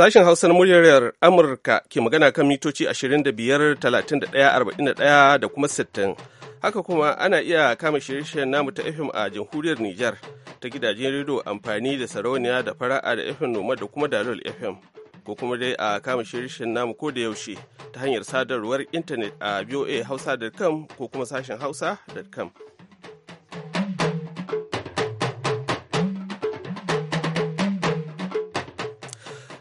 Sashen Hausar muryar Amurka ke magana kan mitoci 25, 31, da kuma 60. Haka kuma ana iya kama shirye-shiryen namu ta FM a jamhuriyar Nijar ta gidajen rediyo amfani da sarauniya da fara'a da FM Noma da kuma Dalol FM. Ko kuma dai a kama shirye-shiryen namu ko da yaushe ta hanyar sadarwar intanet a VOA Hausa.com ko kuma sashen hausa.com.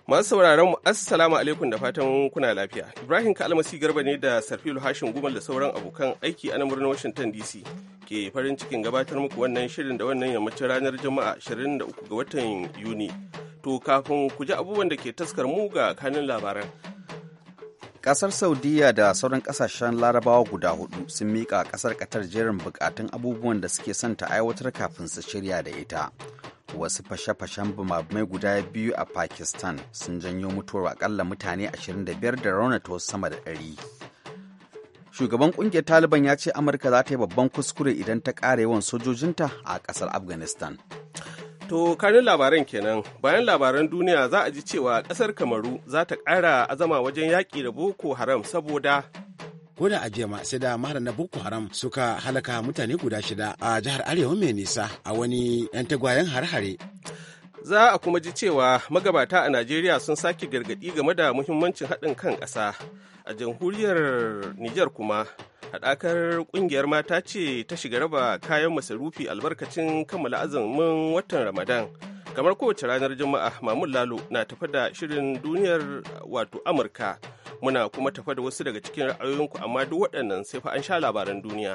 Masu sauraron mu assalamu alaikum da fatan kuna lafiya. Ibrahim Kalmasi Garba ne da Sarfilu Hashin Gumal da sauran abokan aiki a namurin Washington DC ke farin cikin gabatar muku wannan shirin da wannan yammacin ranar Juma'a 23 ga watan Yuni. To kafin ku ji abubuwan da ke taskar mu ga kanin labaran. Kasar Saudiya da sauran kasashen larabawa guda hudu sun miƙa kasar katar jerin bukatun abubuwan da suke son ta aiwatar kafin su shirya da ita. wasu fashe-fashen bumabumai guda biyu a pakistan sun janyo mutuwar akalla mutane 25 da raunata wasu sama da 100 shugaban kungiyar taliban ya ce amurka za ta yi babban kuskure idan ta ƙara yawan sojojinta a ƙasar afghanistan to karin labaran kenan bayan labaran duniya za a ji cewa ƙasar kamaru za ta ƙara azama wajen yaƙi da boko haram saboda ko da ajiya ma sai da mahara na boko haram suka halaka mutane guda shida a jihar arewa mai nisa a wani yan tagwayen har-hare za a kuma ji cewa magabata a najeriya sun sake gargadi game da muhimmancin haɗin kan ƙasa a jamhuriyar niger kuma haɗakar ƙungiyar mata ce ta shiga raba kayan masarufi albarkacin kammala azumin watan ramadan kamar kowace ranar juma'a mamun lalo na tafi da shirin duniyar wato amurka Muna kuma tafa da wasu daga cikin ra'ayoyinku amma duk waɗannan sai fa an sha labaran duniya.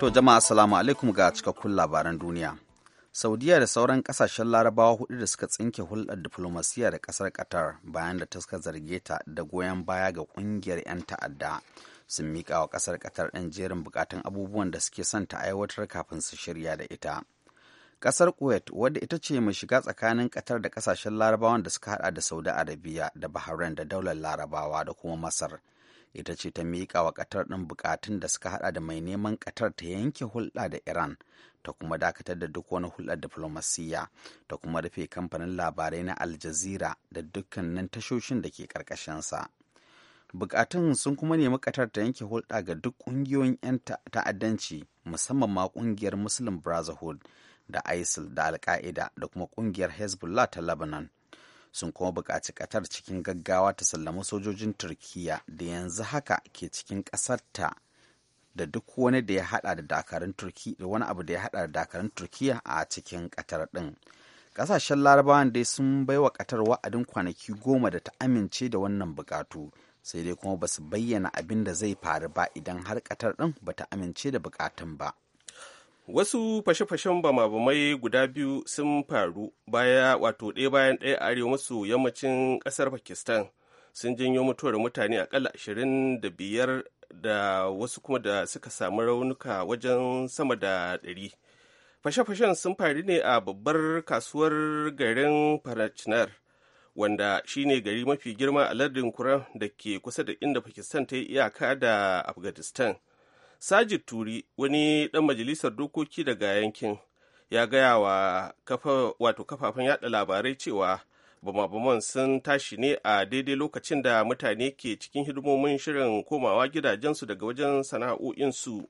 To jama'a assalamu alaikum ga cikakkun labaran duniya. Saudiya da sauran kasashen larabawa hudu da suka tsinke hulɗar diflomasiyya da ƙasar Qatar bayan da ta suka zarge ta da goyon baya ga ƙungiyar 'yan ta'adda sun miƙa wa ƙasar Qatar ɗan jerin buƙatun abubuwan da suke son ta aiwatar kafin su shirya da ita. Ƙasar Kuwait wadda ita ce mai shiga tsakanin ƙatar da ƙasashen larabawan da suka hada da Saudi Arabiya da Bahrain da daular larabawa da kuma Masar. Ita ce ta miƙa wa ƙatar ɗin buƙatun da suka hada da mai neman katar ta yanke hulɗa da Iran ta kuma dakatar da duk wani hulɗar diflomasiyya ta kuma rufe kamfanin labarai na Al da dukkanin tashoshin da ke ƙarƙashinsa. bukatun sun kuma nemi katar ta yanke hulɗa ga duk ƙungiyoyin 'yan ta'addanci musamman ma ƙungiyar muslim brotherhood da isil da alka'ida da kuma kungiyar hezbollah ta lebanon sun kuma buƙaci ƙatar cikin gaggawa ta sallama sojojin turkiya da yanzu haka ke cikin ƙasarta da duk wani da ya hada da dakarun turki wani abu da ya haɗa da dakarun turkiya a cikin ƙatar ɗin ƙasashen larabawan dai sun bai wa ƙatar wa'adin kwanaki goma da ta amince da wannan buƙatu sai dai kuma ba su bayyana abin da zai faru ba idan har ƙatar ɗin ba ta amince da buƙatun ba. wasu fashe-fashen bama-bamai guda biyu sun faru baya wato ɗaya bayan ɗaya a arewa masu yammacin ƙasar pakistan sun janyo mutuwar mutane akalla ashirin da biyar da wasu kuma da suka samu raunuka wajen sama da ɗari fashe-fashen sun faru ne a babbar kasuwar garin parachinar wanda shine gari mafi girma a lardin kuran da ke kusa da inda pakistan ta yi iyaka da afghanistan sajid turi wani ɗan majalisar dokoki daga yankin ya gaya wa wato kafafen yada labarai cewa bama-baman sun tashi ne a daidai lokacin da mutane ke cikin hidimomin shirin komawa gidajensu daga wajen sana'o'insu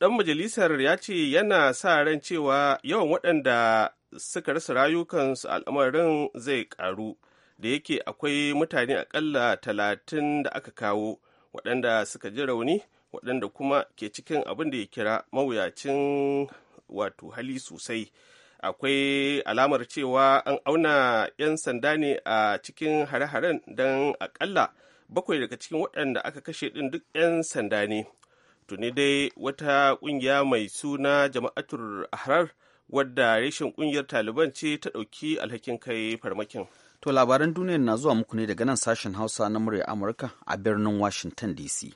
ɗan majalisar ya ce yana sa ran cewa yawan waɗanda suka rasa rayukansu al'amarin zai ƙaru da yake akwai mutane aƙalla talatin da aka kawo waɗanda suka ji rauni waɗanda kuma ke cikin abin da ya kira mawuyacin wato hali sosai akwai alamar cewa an auna 'yan sanda ne a cikin hare-haren don akalla bakwai daga cikin waɗanda aka kashe ɗin duk 'yan sanda ne tuni dai wata ƙungiya mai suna jama'atur ahrar wadda reshen ƙungiyar taliban ce ta ɗauki alhakin kai farmakin to labaran duniyar na zuwa muku ne daga nan sashen hausa na murya amurka a birnin washington dc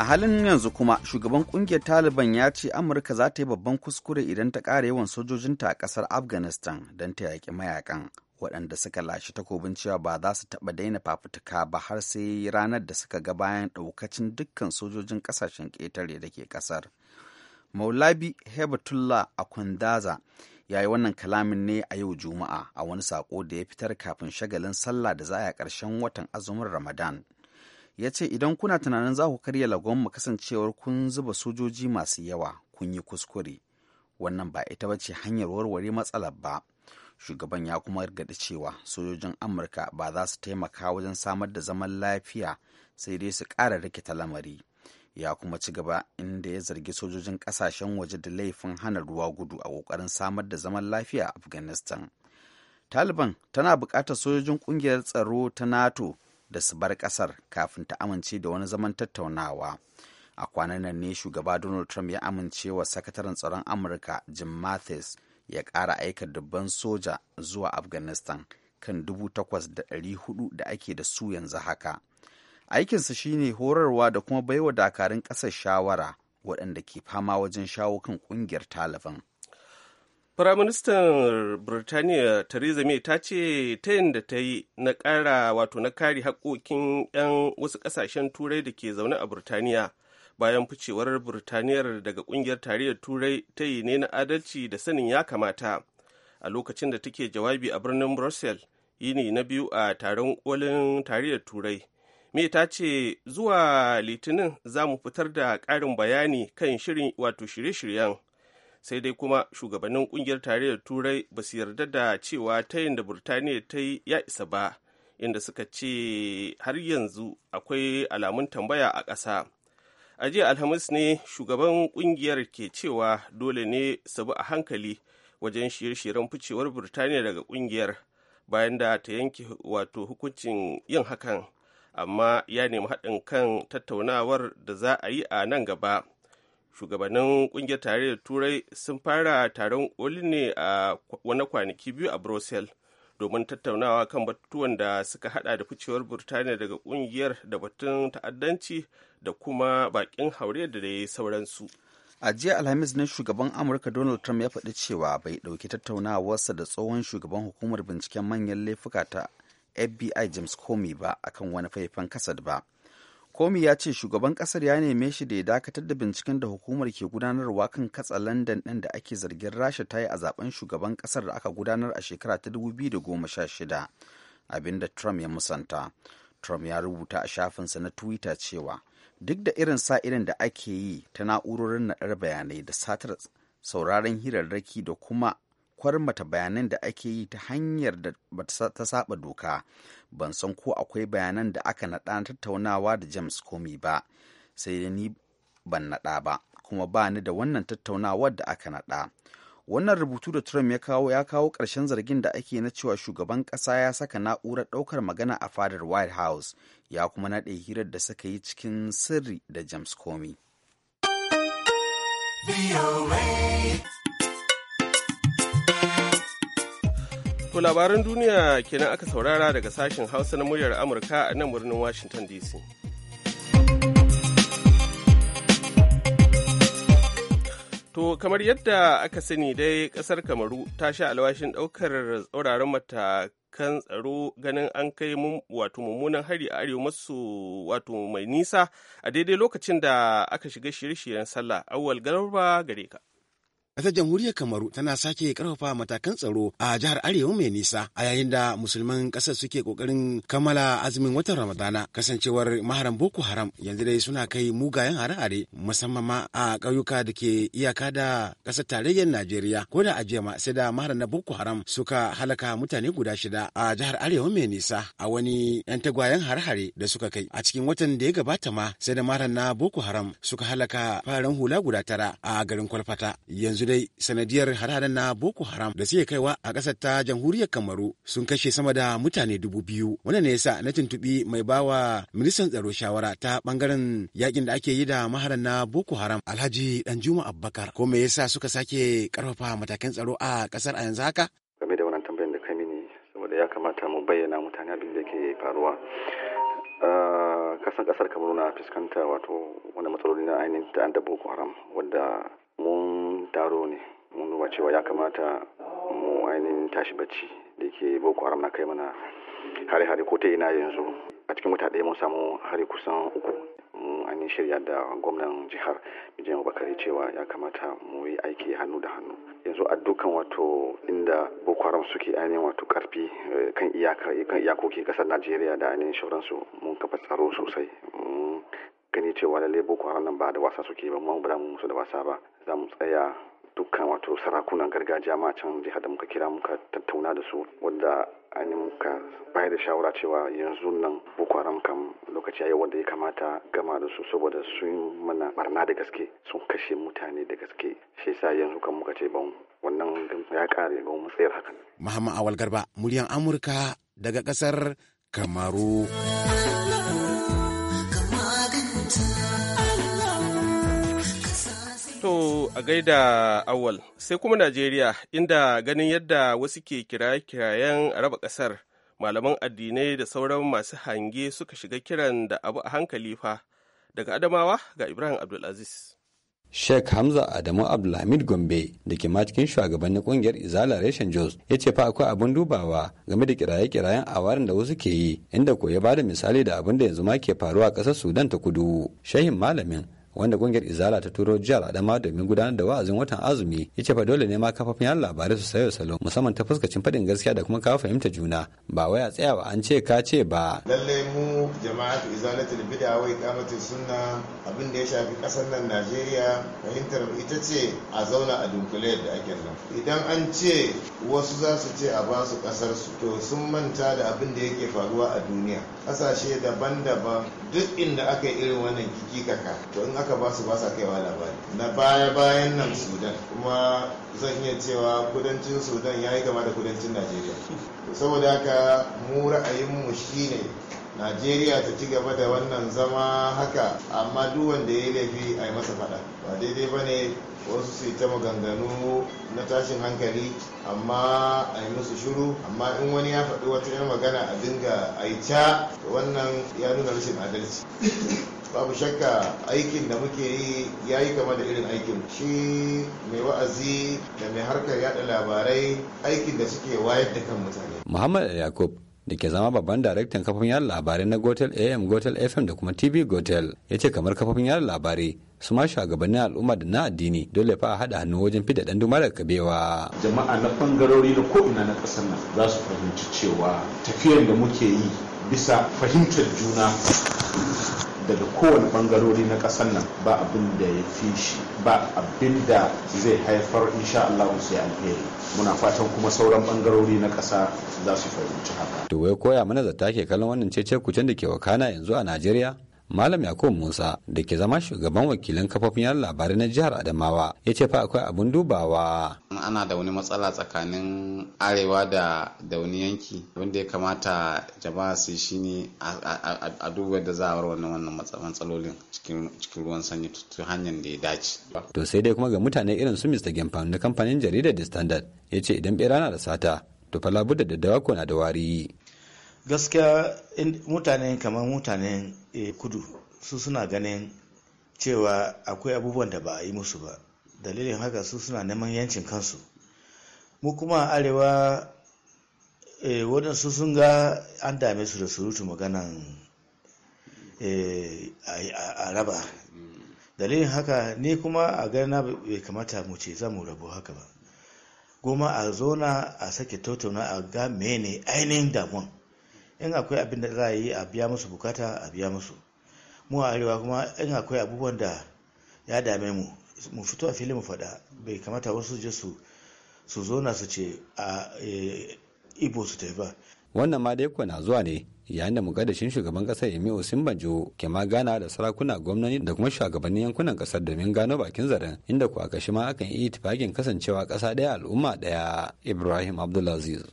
a halin yanzu kuma shugaban kungiyar taliban ya ce amurka za ta yi babban kuskure idan ta ƙara yawan sojojinta a ƙasar afghanistan don ta yaƙi mayakan waɗanda suka lashe takobin cewa ba za su taɓa daina fafutuka ba har sai ranar da suka ga bayan ɗaukacin dukkan sojojin ƙasashen ƙetare da ke ƙasar maulabi hebatullah akundaza ya yi wannan kalamin ne a yau juma'a a wani sako da ya fitar kafin shagalin sallah da za a ƙarshen watan azumin ramadan ya ce idan kuna tunanin za ku karya lagon mu kasancewar kun zuba sojoji masu yawa kun yi kuskure wannan ba ita ba ce hanyar warware matsalar ba shugaban ya kuma gargaɗi cewa sojojin amurka ba za su taimaka wajen samar da zaman lafiya sai dai su ƙara rikita lamari ya kuma ci gaba inda ya zargi sojojin ƙasashen waje da laifin hana ruwa gudu a ƙoƙarin samar da zaman lafiya a afghanistan taliban tana buƙatar sojojin ƙungiyar tsaro ta nato da su bar ƙasar kafin ta amince da wani zaman tattaunawa. A kwanan nan ne shugaba Donald Trump ya amince wa sakataren tsaron Amurka Jim Mathis ya ƙara aika dubban soja zuwa Afghanistan kan dubu takwas da ɗari hudu da ake da su yanzu haka. Aikinsa shine horarwa da kuma baiwa dakarun ƙasar shawara waɗanda ke fama wajen shawo kan ƙungiyar Taliban. Firaministan Birtaniya Theresa May ta ce ta yadda ta yi na ƙara wato na kare haƙoƙin 'yan wasu ƙasashen turai da ke zaune a Birtaniya bayan ficewar Birtaniyar daga ƙungiyar tarayyar turai ta yi ne na adalci da sanin ya kamata a lokacin da take jawabi a birnin Brussels ne na biyu a taron kolin tarayyar turai me ta ce zuwa litinin za mu fitar da ƙarin bayani kan shirin wato shirye-shiryen sai dai kuma shugabannin kungiyar tarayyar turai ba su yarda da cewa yin da burtaniya ta yi ya isa ba inda suka ce har yanzu akwai alamun tambaya a ƙasa a jiya alhamis ne shugaban kungiyar ke cewa dole ne su bi a hankali wajen shirye-shiryen ficewar burtaniya daga kungiyar bayan da ta yanke wato hukuncin yin hakan amma ya nemi haɗin kan tattaunawar da za a yi a nan gaba shugabannin kungiyar tarayyar turai sun fara taron oli ne a wani kwanaki biyu a brussels domin tattaunawa kan batutuwan da suka hada da ficewar burtaniya daga kungiyar da batun ta'addanci da kuma bakin haure da dai sauransu a jiya alhamis na shugaban amurka donald trump ya faɗi cewa bai ɗauki tattaunawarsa da tsohon shugaban hukumar binciken manyan laifuka ta fbi james comey ba akan wani faifan kasad ba komi ya ce shugaban kasar ya neme shi da ya dakatar da binciken da hukumar ke gudanarwa kan katsa london ɗin da ake zargin rasha ta yi a zaben shugaban kasar da aka gudanar a shekara ta 2016 abinda trump ya musanta trump ya rubuta a shafinsa na twitter cewa duk da irin sa irin da ake yi ta na'urorin naɗar bayanai da satar sauraron hirarraki da kuma mata bayanan da ake yi ta hanyar da ta saba doka ban san ko akwai bayanan da aka naɗa na tattaunawa da james comey ba sai da ni ban naɗa ba kuma ba ni da wannan tattaunawa da aka naɗa wannan rubutu da trump ya kawo ya kawo ƙarshen zargin da ake na cewa shugaban ƙasa ya saka na'urar ɗaukar magana a fadar white house ya kuma naɗe hirar da suka yi cikin sirri da james comey labaran duniya kenan aka saurara daga sashen Hausa na muryar Amurka a nan birnin Washington DC. To kamar yadda aka sani dai kasar Kamaru ta sha alwashin ɗaukar tsauraran matakan tsaro ganin an kai wato mummunan hari a arewa masu wato mai nisa a daidai lokacin da aka shiga shirye-shiryen sallah awwal garba gare ka. ƙasar jamhuriyar kamaru tana sake ƙarfafa matakan tsaro a jihar arewa mai nisa a yayin da musulman ƙasar suke ƙoƙarin kammala azumin watan ramadana kasancewar maharan boko haram yanzu dai suna kai mugayen hare-hare musamman ma a ƙauyuka da ke iyaka da ƙasar tarayyar najeriya ko da ajiyama, ma sai da maharan na boko haram suka halaka mutane guda shida a jihar arewa mai nisa a wani 'yan tagwayen hare-hare da suka kai a cikin watan da ya gabata ma sai da maharan na boko haram suka halaka fararen hula guda tara a garin kwalfata yanzu dai sanadiyar hare na Boko Haram da suke kaiwa a ƙasar ta jamhuriyar Kamaru sun kashe sama da mutane dubu biyu. Wannan ne yasa na tuntuɓi mai bawa ministan tsaro shawara ta ɓangaren yakin da ake yi da maharan na Boko Haram Alhaji Danjuma Abubakar ko me yasa suka sake karfafa matakan tsaro a kasar a yanzu haka? Game da wannan tambayar da kai mini saboda ya kamata mu bayyana mutane abin da ke faruwa. Ah, kasan kasar kamaru na fuskanta wato wani matsaloli na ainihin ta da boko haram wadda mun taro ne mun nuna cewa ya kamata mu ainihin tashi bacci da ke boko haram na kai mana hare-hare ko ta ina yanzu a cikin wata ɗaya mun samu hari kusan uku an ainihin shirya da gwamnan jihar mijin bakari cewa ya kamata mu yi aiki hannu da hannu yanzu a dukkan wato inda boko haram suke ainihin wato karfi eh, kan iyakoki kasar najeriya da ainihin shauransu mun kafa tsaro sosai gani cewa lalle boko haram nan ba da wasa suke ba mu bara mu musu da wasa ba za mu tsaya dukkan wato sarakunan gargajiya ma can jihar da muka kira muka tattauna da su wanda an muka bayar da shawara cewa yanzu nan boko haram kam lokaci yayi wanda ya kamata gama da su saboda sun mana barna da gaske sun kashe mutane da gaske shi yasa yanzu kan muka ce ban wannan ya kare ga mu tsayar hakan Muhammad Awal Garba muryan Amurka daga kasar Kamaru a gaida awal sai kuma Najeriya inda ganin yadda wasu ke kiraye-kirayen raba ƙasar malaman addinai da sauran masu hange suka shiga kiran da abu a hankali fa daga Adamawa ga Ibrahim Abdulaziz. Sheikh Hamza Adamu Abdulhamid Gombe da ke ma cikin shugabannin kungiyar Izala Reshen Jos ya ce fa akwai abin dubawa game da kiraye-kirayen awarin da wasu ke yi inda ko ya bada misali da abin da yanzu ma ke faruwa a ƙasar Sudan ta kudu. Shehin malamin wanda kungiyar izala ta turo jihar adama domin gudanar da wa'azin watan azumi ya ce fa dole ne ma kafafin yan labarai su sayo salo musamman ta fuskacin faɗin gaskiya da kuma kawo fahimta juna ba waya tsayawa an ce ka ce ba lallai mu jama'atu izalatul bid'a wai iqamatus sunna abin da ya shafi kasar nan Najeriya fahimtar ita ce a zauna a dunkule da ake nan idan an ce wasu za su ce a basu kasar su to sun manta da abin da yake faruwa a duniya kasashe daban-daban duk inda aka yi irin wannan kikikaka to aka ba su ba kaiwa labari na baya bayan nan sudan kuma zan iya cewa kudancin sudan ya yi gama da kudancin najeriya saboda haka mu ra'ayinmu shine najeriya ta ci gaba da wannan zama haka amma duk wanda ya yi laifi a yi masa fada ba daidai ba ne wasu su yi ta maganganu na tashin hankali amma a yi musu shuru amma in wani ya faɗi wata yan magana a dinga aica wannan ya nuna rashin adalci babu shakka aikin da muke yi ya yi kama da irin aikin shi mai wa'azi da mai harkar yada labarai aikin da suke wayar da kan mutane muhammad yakub da ke zama babban daraktan kafofin yada labarai na gotel am gotel fm da kuma tv gotel ya ce kamar kafofin yada labarai su ma shugabannin al'umma da na addini dole fa a haɗa hannu wajen fida ɗan dumar kabewa. jama'a na bangarori na ko'ina na ƙasar nan za su fahimci cewa tafiyar da muke yi bisa fahimtar juna daga kowane bangarori na ƙasar nan ba abin da ya fi shi ba abin da zai haifar insha Allah sai alheri muna fatan kuma sauran bangarori na ƙasa za su fahimci haka to wai koya mana zata ke kallon wannan cece kucin da ke wakana yanzu a Najeriya Malam Yakubu Musa da ke zama shugaban wakilin kafofin yan labarai na jihar Adamawa ya ce fa akwai abun dubawa. Ana da wani matsala tsakanin arewa da da wani yanki wanda ya kamata jama'a su shi ne a duba da za a wannan wannan matsalolin cikin ruwan sanyi ta hanyar da ya dace. To sai dai kuma ga mutane irin su Mr. Gemfan na kamfanin jaridar The Standard ya ce idan bera na da sata to fa labudda da ko na da wari. gaskiya mutane kamar mutanen eh, kudu su suna ganin cewa akwai abubuwan da ba a yi musu ba dalilin haka su suna neman yancin kansu mu kuma arewa eh, waɗansu sun ga an dame su da surutu maganan eh, a raba dalilin haka ni kuma a gana bai kamata mu ce za mu rabu haka ba goma a zona a sake tattauna a ga mene ainihin damuwa. in akwai abin da za a yi a biya musu bukata a biya musu mu a arewa kuma in akwai abubuwan da ya dame mu mu fito a filin mu faɗa bai kamata wasu je su su zo na su ce a e, ibo su tafi ba wannan ma dai na zuwa ne yayin da mukaddashin shugaban kasar emi banjo ke ma gana da sarakuna gwamnati da kuma shugabannin yankunan kasar domin gano bakin zaren inda ku aka shi ma akan iya tifagen kasancewa kasa daya al'umma daya ibrahim abdulaziz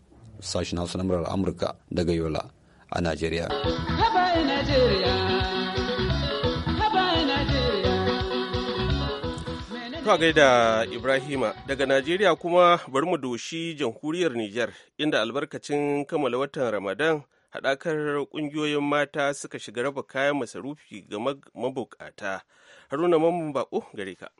sashen hausa na amurka daga yola a najeriya To gaida Ibrahima daga Najeriya kuma bari mu doshi jamhuriyar Nijar inda albarkacin kammala watan Ramadan haɗakar ƙungiyoyin mata suka shiga raba kayan masarufi ga mabukata. Haruna mamban baƙo gare ka.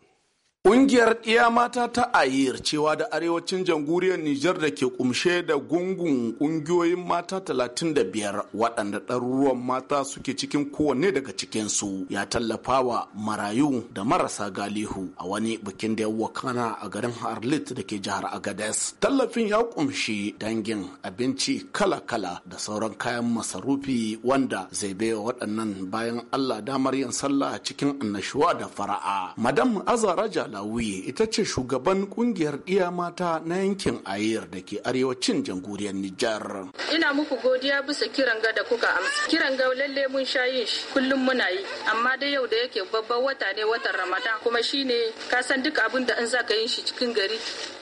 Ƙungiyar ɗiya mata ta ayir cewa da arewacin jamhuriyar Nijar da ke kumshe da gungun ƙungiyoyin mata 35 waɗanda ɗaruruwan mata suke cikin kowanne daga cikinsu ya tallafa wa marayu da marasa galihu a wani bikin da ya a garin Harlit da ke jihar Agades. Tallafin ya ƙumshi dangin abinci kala-kala da sauran kayan masarufi wanda zai baiwa waɗannan bayan Allah damar yin sallah cikin annashuwa da fara'a. Madam Azara Jala Alawiye ita ce shugaban kungiyar ɗiya mata na yankin Ayer da ke arewacin jamhuriyar Nijar. Ina muku godiya bisa kiran ga da kuka amsa. Kiran ga lalle mun sha yin shi kullum muna yi amma dai yau da yake babban wata ne watan Ramadan kuma shine ka san duk abin da in za ka yin shi cikin gari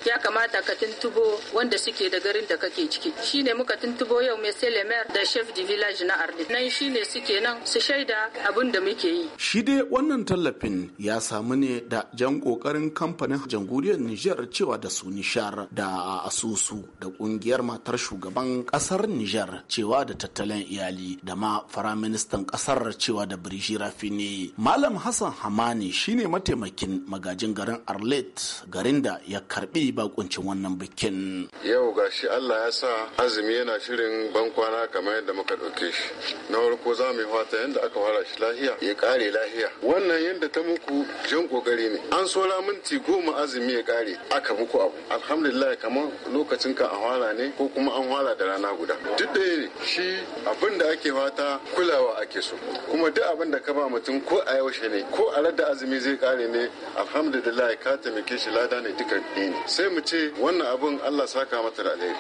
ya kamata ka tuntubo wanda suke da garin da kake ciki. Shine muka tuntubo yau mai selemar da chef de village na Arlit. Nan shine suke nan su shaida abin da muke yi. Shi dai wannan tallafin ya samu ne da jan kokarin kamfanin jamhuriyar Nijar cewa da su Nishar da asusu da kungiyar matar shugaban kasar Nijar cewa da tattalin iyali da ma faraministan kasar cewa da Birishi ne. Malam Hassan Hamani shine mataimakin magajin garin Arlet garin da ya karbi bakuncin wannan bikin. Yau gashi Allah ya sa azumi yana shirin bankwana kamar yadda muka ɗauke shi. Na farko za mu yi fata yadda aka fara shi lahiya ya ƙare lahiya. Wannan yadda ta muku jan ƙoƙari ne. An so saura minti goma azumi ya kare aka muku abu alhamdulillah kamar lokacin ka an hwala ne ko kuma an hwala da rana guda duk da shi abin da ake fata kulawa ake so kuma duk abin da ka ba mutum ko a yaushe ne ko a radda azumi zai kare ne alhamdulillah ka taimake shi lada ne duka ne sai mu ce wannan abin Allah saka mata da alheri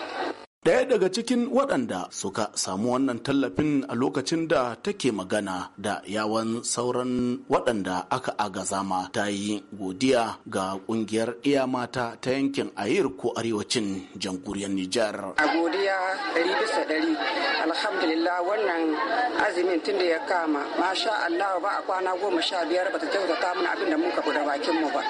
Daya daga cikin waɗanda suka samu wannan tallafin a lokacin da take magana da yawan sauran waɗanda aka agazama ta yi godiya ga ƙungiyar iya mata ta yankin Ayir ko arewacin jamhuriyar Nijar. A godiya ɗari bisa ɗari alhamdulillah wannan azumin tun da ya kama masha Allah ba a kwana goma sha biyar bata kyautata mana abin da muka guda bakin mu ba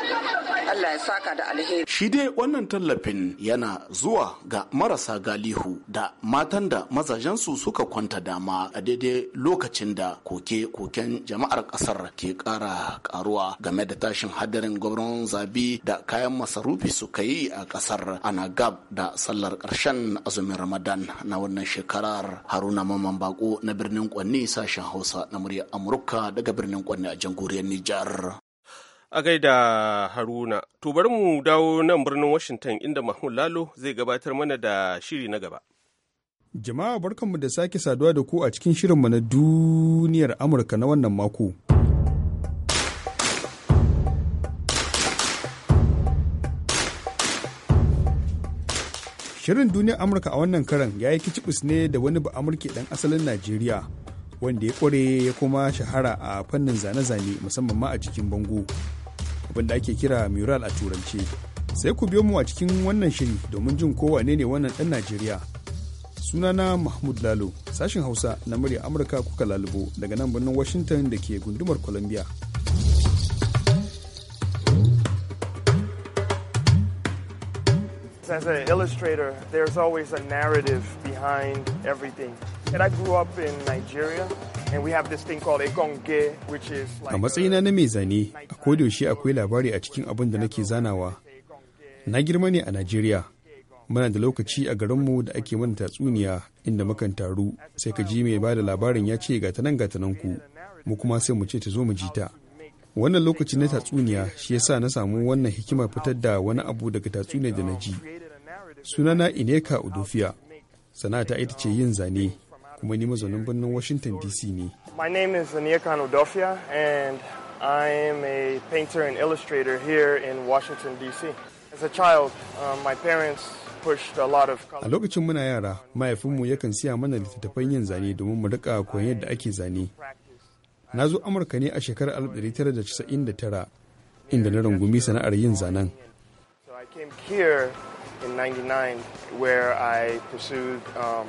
Allah ya saka da alheri shi dai wannan tallafin yana zuwa ga marasa galihu da matan da mazajen su suka kwanta dama a daidai lokacin da koke-koken jama'ar kasar ke kara karuwa game da tashin hadarin gwamnan zabi da kayan masarufi suka yi a kasar ana gab da sallar ƙarshen azumin ramadan na wannan shekarar haruna mamman bako na birnin kwanne sashen hausa na muryar amurka daga birnin kwanne a jamhuriyar nijar a gaida haruna to bari mu dawo nan birnin washington inda mahmud lalo zai gabatar mana da shiri na gaba jama'a barkanmu da sake saduwa da ku a cikin shirinmu na duniyar amurka na wannan mako Shirin duniyar Amurka a wannan karan ya yi kicibis ne da wani ba Amurke dan asalin Najeriya wanda ya kware ya kuma shahara a fannin zane-zane musamman ma a cikin bango abinda ake kira mural a turance. Sai ku biyo mu a cikin wannan shiri domin jin ko wane ne wannan ɗan Najeriya. Sunana Mahmud Lalo, sashin Hausa na murya Amurka kuka lalubo daga nan birnin Washington da ke gundumar Columbia. As an illustrator, there's always a narrative behind everything. And I grew up in Nigeria. And we have this thing called Ekonge, which is like a matsayina na mai zane, a kodayaushe akwai labari a cikin abin da nake zanawa. Na girma ne a Najeriya, muna da lokaci a garinmu da ake mana tatsuniya inda mukan taru sai ka ji mai bada labarin ya ce gata nan gata nan ku mu kuma sai mu ce ta zo mu ji ta wannan lokaci na tatsuniya shi yasa na samu wannan hikimar fitar da wani abu daga tatsuniyar da na ji sunana ineka udofia sana'ata ita ce yin zane kuma ni mazaunin birnin washington dc ne my is ineka udofia and a illustrator here in washington dc as a child um, my parents A lokacin muna yara, mahaifinmu yakan siya mana littattafan yin zane domin mu rika koyon yadda ake zane. na zo amurka ne a shekarar 1999 inda na rungumi sana'ar yin zanen um,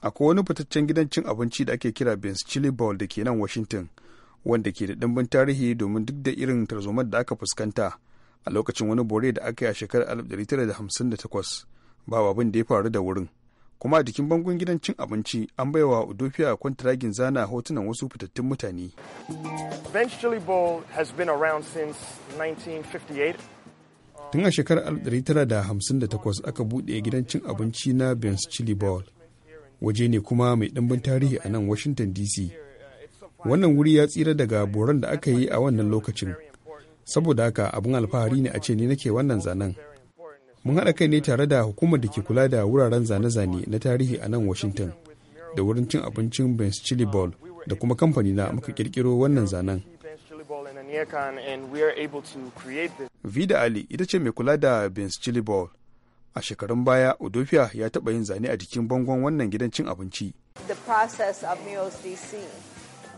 akwai wani fitaccen gidan cin abinci da ake kira Ben's Chili ball da ke nan Washington, wanda ke da ɗimbin tarihi domin duk da irin tarzomar da aka fuskanta a lokacin wani bore da aka yi a shekarar 1958 ba abin da ya faru da wurin. kuma a jikin bangon gidan cin abinci an baiwa Udofia kwantiragin zana hotunan wasu fitattun mutane. Tun a shekarar 1958 aka buɗe gidan cin abinci na bens Chili ball Waje ne kuma mai ɗimbin tarihi a nan Washington DC. Wannan wuri ya tsira daga boron da aka yi a wannan lokacin. Saboda haka abin alfahari ne a ce ni nake wannan zanen. mun haɗa kai ne tare da hukumar da ke kula da wuraren zane-zane na tarihi a nan washington da wurin cin abincin ben's chili ball da kuma kamfani na muka kirkiro wannan zanen vida ali ita ce mai kula da ben's chili ball a shekarun baya odofia ya taɓa yin zane a jikin bangon wannan gidan cin abinci the process of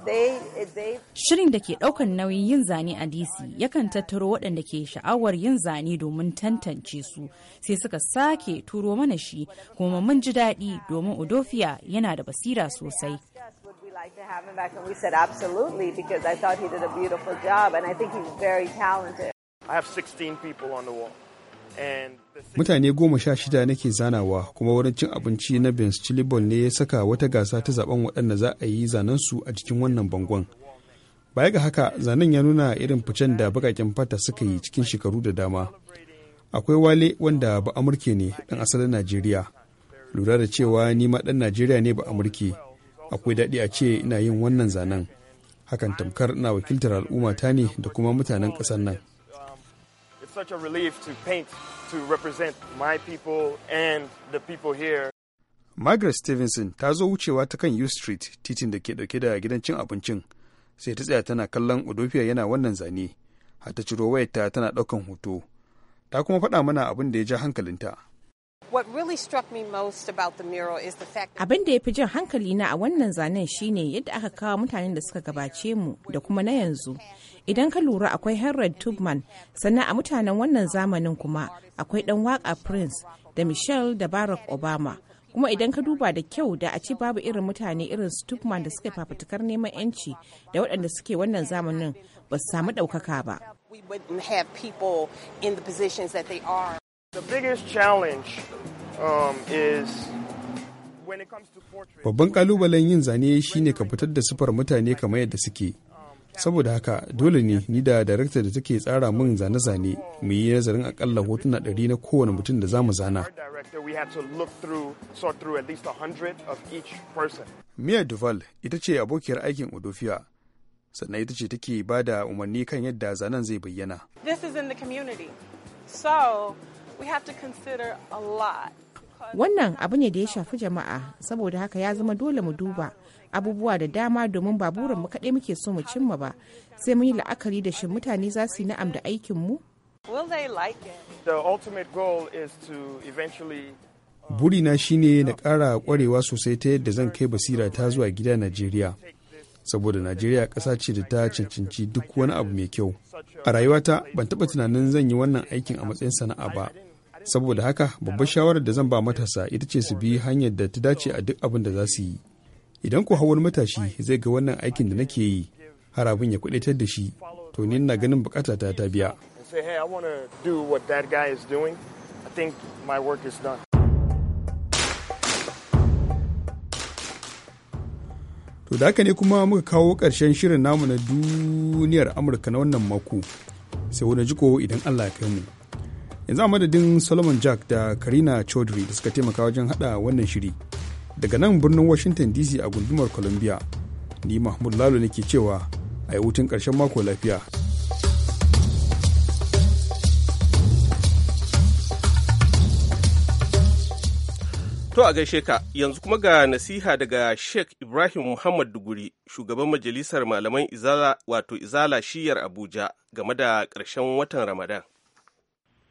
Shirin da ke ɗaukan nauyin yin zane a DC yakan tattaro waɗanda ke sha'awar yin zane domin tantance su sai suka sake turo mana shi kuma mun ji daɗi domin Odofia yana da basira sosai. have job. very I have 16 people on the wall. Mutane goma sha shida nake zanawa kuma wurin cin abinci na Ben's Chili ne ya saka wata gasa ta zaben waɗanda za a yi zanensu a cikin wannan bangon. Baya ga haka zanen ya nuna irin ficen da baƙaƙen fata suka yi cikin shekaru da dama. Akwai wale wanda ba Amurke ne dan asalin Najeriya. Lura da cewa ni ma ɗan Najeriya ne ba Amurke. Akwai daɗi a ce ina yin wannan zanen. Hakan tamkar na wakiltar al'ummata ne da kuma mutanen ƙasar nan. such a relief to paint to represent my people and the people here. Margaret Stevenson ta zo wucewa ta kan U Street titin da ke dauke da gidan cin abincin sai ta tsaya tana kallon Odofia yana wannan zane har ta ciro wayarta tana daukan hoto ta kuma faɗa mana abin da ya ja hankalinta. Abin da ya fi jin hankali na a wannan zanen shine yadda aka kawo mutanen da suka gabace mu da kuma na yanzu. Idan ka lura akwai Harold Tubman, sannan a mutanen wannan zamanin kuma akwai ɗan waka Prince da Michelle da Barack Obama. Kuma idan ka duba da kyau da a ci babu irin mutane irin su Tubman da suka fafutukar neman 'yanci da waɗanda suke wannan zamanin ba su samu ɗaukaka ba. Um, Babban kalubalen yin zane shi ne ka fitar da sufar mutane kamar yadda suke. Saboda haka dole ne ni da darakta da take tsara min zane-zane mu yi nazarin akalla hotuna ɗari na kowane mutum da za mu zana. Mia Duval ita ce abokiyar aikin Odofia. sannan ita ce take ba umarni kan yadda zanen zai bayyana. So, Wannan abu ne da ya shafi jama'a, saboda haka ya zama dole mu duba abubuwa da dama domin ba mu kaɗai muke so mu cimma ba, sai mun yi la'akari da shi mutane za su yi na'am da aikin mu buri na shine na ƙara ƙwarewa sosai ta yadda zan kai basira ta zuwa gida Najeriya. saboda Najeriya ƙasa ce da ta cancanci duk wani abu mai kyau. A rayuwata ban taɓa tunanin zan yi wannan aikin a matsayin sana'a ba, saboda haka babbar shawarar da zan ba matasa ita ce su bi hanyar da ta dace a duk abin da za su yi idan ku hawar matashi zai ga wannan aikin da nake yi har abin ya kudaitar da shi to ni na ganin bukata ta ta biya To da haka ne kuma muka kawo ƙarshen shirin namu na duniyar Amurka na wannan mako. Sai wani jiko idan Allah ya kai mu. yanzu a madadin solomon jack da karina chaudhry da suka taimaka wajen hada wannan shiri daga nan birnin washington dc a gundumar columbia ni mahmud lalo ne ke cewa a yi hutun ƙarshen mako lafiya To a gaishe ka yanzu kuma ga nasiha daga Sheikh Ibrahim Muhammad Duguri, shugaban majalisar malaman Izala wato Izala shiyar Abuja game da karshen watan Ramadan.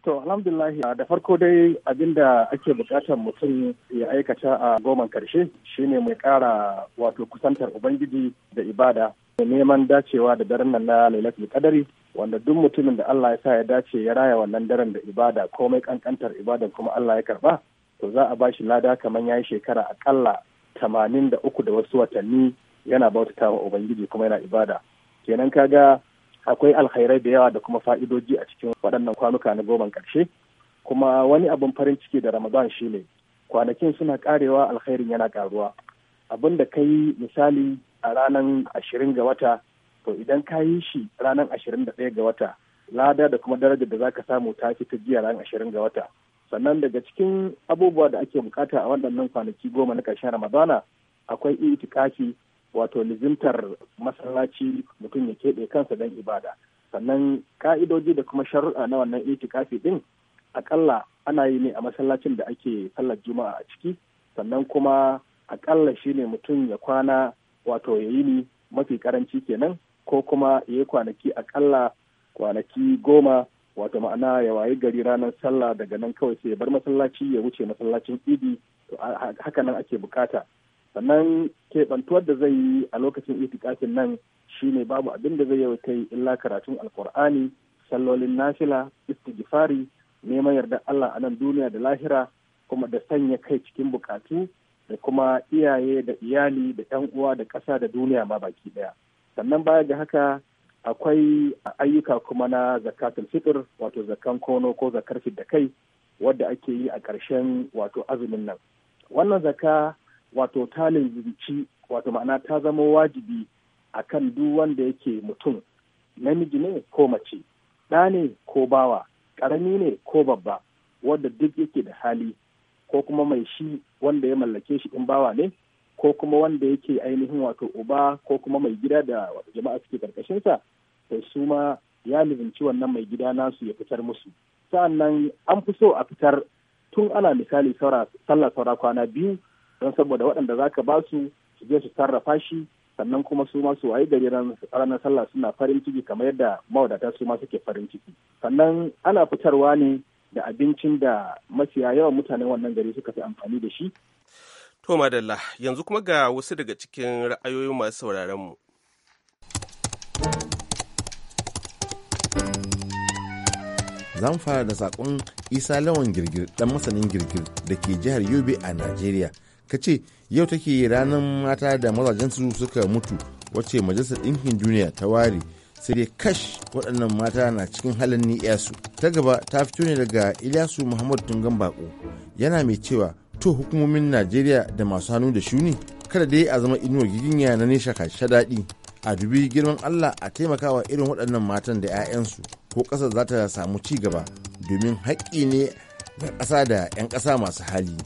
To alhamdulillahi da farko dai abinda ake bukatar mutum ya aikata a goman karshe shine mai ƙara wato kusantar ubangiji da ibada Da neman dacewa da daren nan na lailatul kadari wanda duk mutumin da Allah ya sa ya dace ya raya wannan daren da ibada komai kankantar ibada kuma Allah ya karba to za a ba shi lada kamar ya yi shekara akalla tamanin da uku da wasu watanni yana bautata wa ubangiji kuma yana ibada kenan kaga akwai alkhairai da yawa da kuma fa'idoji a cikin waɗannan kwanuka na goma ƙarshe kuma wani abin farin ciki da ramadan ne kwanakin suna karewa alkhairin yana karuwa abin da ka yi misali a ranar ashirin ga wata to idan ka yi shi ranar ashirin da ɗaya ga wata lada da kuma daraja da za ka samu ta fi ta jiya ranar ashirin ga wata sannan daga cikin abubuwa da ake bukata a waɗannan kwanaki goma na ƙarshen ramadana akwai itikafi wato lizimtar masallaci mutum ya keɓe kansa don ibada sannan ka'idoji da kuma sharuɗa na wannan itikafi din akalla ana yi ne a masallacin da ake sallar juma'a a ciki sannan kuma akalla shine mutum ya kwana wato ya yi ni mafi karanci kenan ko kuma ya yi kwanaki akalla kwanaki goma wato ma'ana ya wayi gari ranar sallah daga nan kawai sai ya bar masallaci ya wuce masallacin idi haka nan ake bukata sannan keɓantuwar da zai yi a lokacin itikafin nan shine babu abin da zai yawa kai illa karatun alkur'ani sallolin nafila istighfari neman yarda Allah a nan duniya da lahira kuma da sanya kai cikin bukatu da kuma iyaye da iyali da yan uwa da ƙasa da duniya ma baki ɗaya sannan baya ga haka akwai ayyuka kuma na zakatul fitr wato zakan kono ko zakar da kai wadda ake yi a ƙarshen wato azumin nan wannan zaka wato ta lizimci wato ma'ana ta zama wajibi a kan duk wanda yake mutum namiji ne ko mace ɗa ne ko bawa ƙarami ne ko babba wanda duk yake da hali ko kuma mai shi wanda ya mallake shi in bawa ne ko kuma wanda yake ainihin wato uba ko kuma mai gida da wato jama'a suke karkashinsa to su ma ya lizinci wannan mai gida nasu ya fitar musu sa'annan an fi so a fitar tun ana misali sallah saura kwana biyu don saboda waɗanda za ka ba su su je su sarrafa shi sannan kuma su ma su waye gari ranar sallah suna farin ciki kamar yadda mawadata su ma suke farin ciki sannan ana fitarwa ne da abincin da mafiya yawan mutanen wannan gari suka fi amfani da shi to madalla yanzu kuma ga wasu daga cikin ra'ayoyin masu sauraron mu zan fara da sakon isa lawan girgir ɗan masanin girgir da ke jihar yobe a najeriya ka ce yau take ranar mata da mazajensu suka mutu wacce majalisar ɗinkin duniya ta ware sai dai kash waɗannan mata na cikin halin yasu ta gaba ta fito ne daga ilyasu muhammadu tungan bako yana mai cewa to hukumomin najeriya da masu hannu da shuni kada dai a zama inuwar giginya na nisha kashe daɗi a dubi girman allah a taimakawa irin waɗannan matan da 'ya'yansu ko ƙasa za ta samu ci gaba domin haƙƙi ne ga ƙasa da 'yan ƙasa masu hali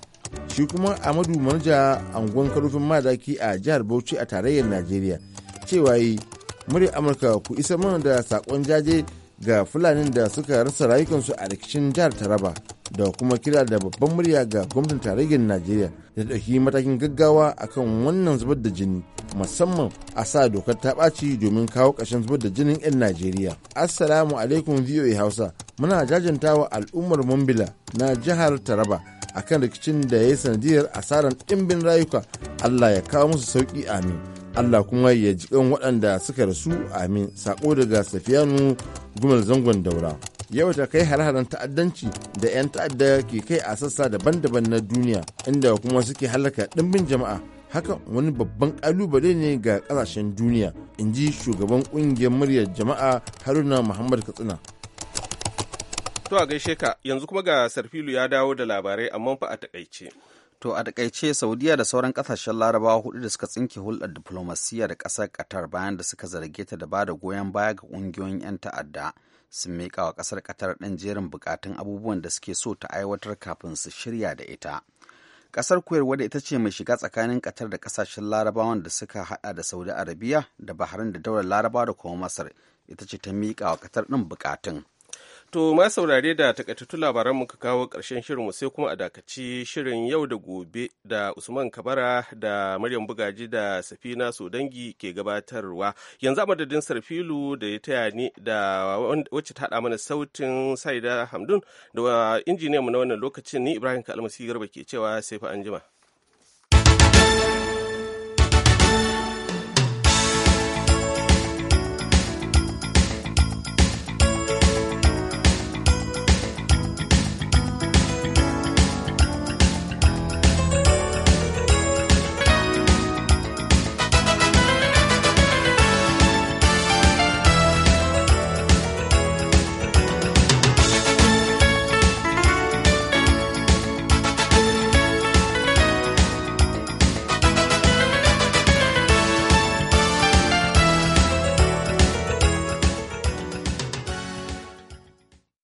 shi kuma amadu manja angon karfin madaki a jihar bauchi a tarayyar najeriya cewa yi murya amurka ku isa mana da sakon jaje ga fulanin da suka rasa rayukansu a rikicin jihar taraba da kuma kira da babban murya ga gwamnatin tarayyar najeriya da ɗauki matakin gaggawa akan wannan zubar da jini musamman a sa dokar ta ɓaci domin kawo ƙarshen zubar da jinin 'yan najeriya assalamu alaikum voa hausa muna jajantawa al'ummar mambila na jihar taraba akan rikicin da ya yi sanadiyar asarar ɗimbin rayuka allah ya kawo musu sauƙi amin allah kuma ya ji waɗanda suka rasu amin sako daga safiyanu gumal zangon daura yau ta kai har-haren ta'addanci da 'yan ta'adda ke kai a sassa daban-daban na duniya inda kuma suke halaka ɗimbin jama'a hakan wani babban ƙalubale ne ga ƙasashen duniya in ji shugaban ƙungiyar muryar jama'a haruna muhammad katsina To a gaishe ka yanzu kuma ga Sarfilu ya dawo da labarai amma fa a takaice. To a takaice Saudiya da sauran kasashen Larabawa hudu da suka tsinke hulɗar diflomasiyya da ƙasar Qatar bayan da suka zarge ta da ba da goyon baya ga ƙungiyoyin 'yan ta'adda sun miƙa wa ƙasar Qatar ɗan jerin buƙatun abubuwan da suke so ta aiwatar kafin su shirya da ita. Ƙasar Kuwait wadda ita ce mai shiga tsakanin Qatar da kasashen Larabawan da suka haɗa da Saudi Arabiya da Bahrain da daular Larabawa da kuma Masar ita ce ta miƙa wa Qatar ɗin buƙatun. To ma saurare da takaitattun labaran muka kawo ƙarshen shirinmu sai kuma a dakaci shirin yau da gobe da Usman Kabara da Maryam Bugaji da Safina Sodangi ke gabatarwa. Yanzu a madadin Sarfilu da ya taya ni da wacce ta haɗa mana sautin Saida Hamdun da injiniyanmu na wannan lokacin ni Ibrahim Kalmasi Garba ke cewa sai fa anjima.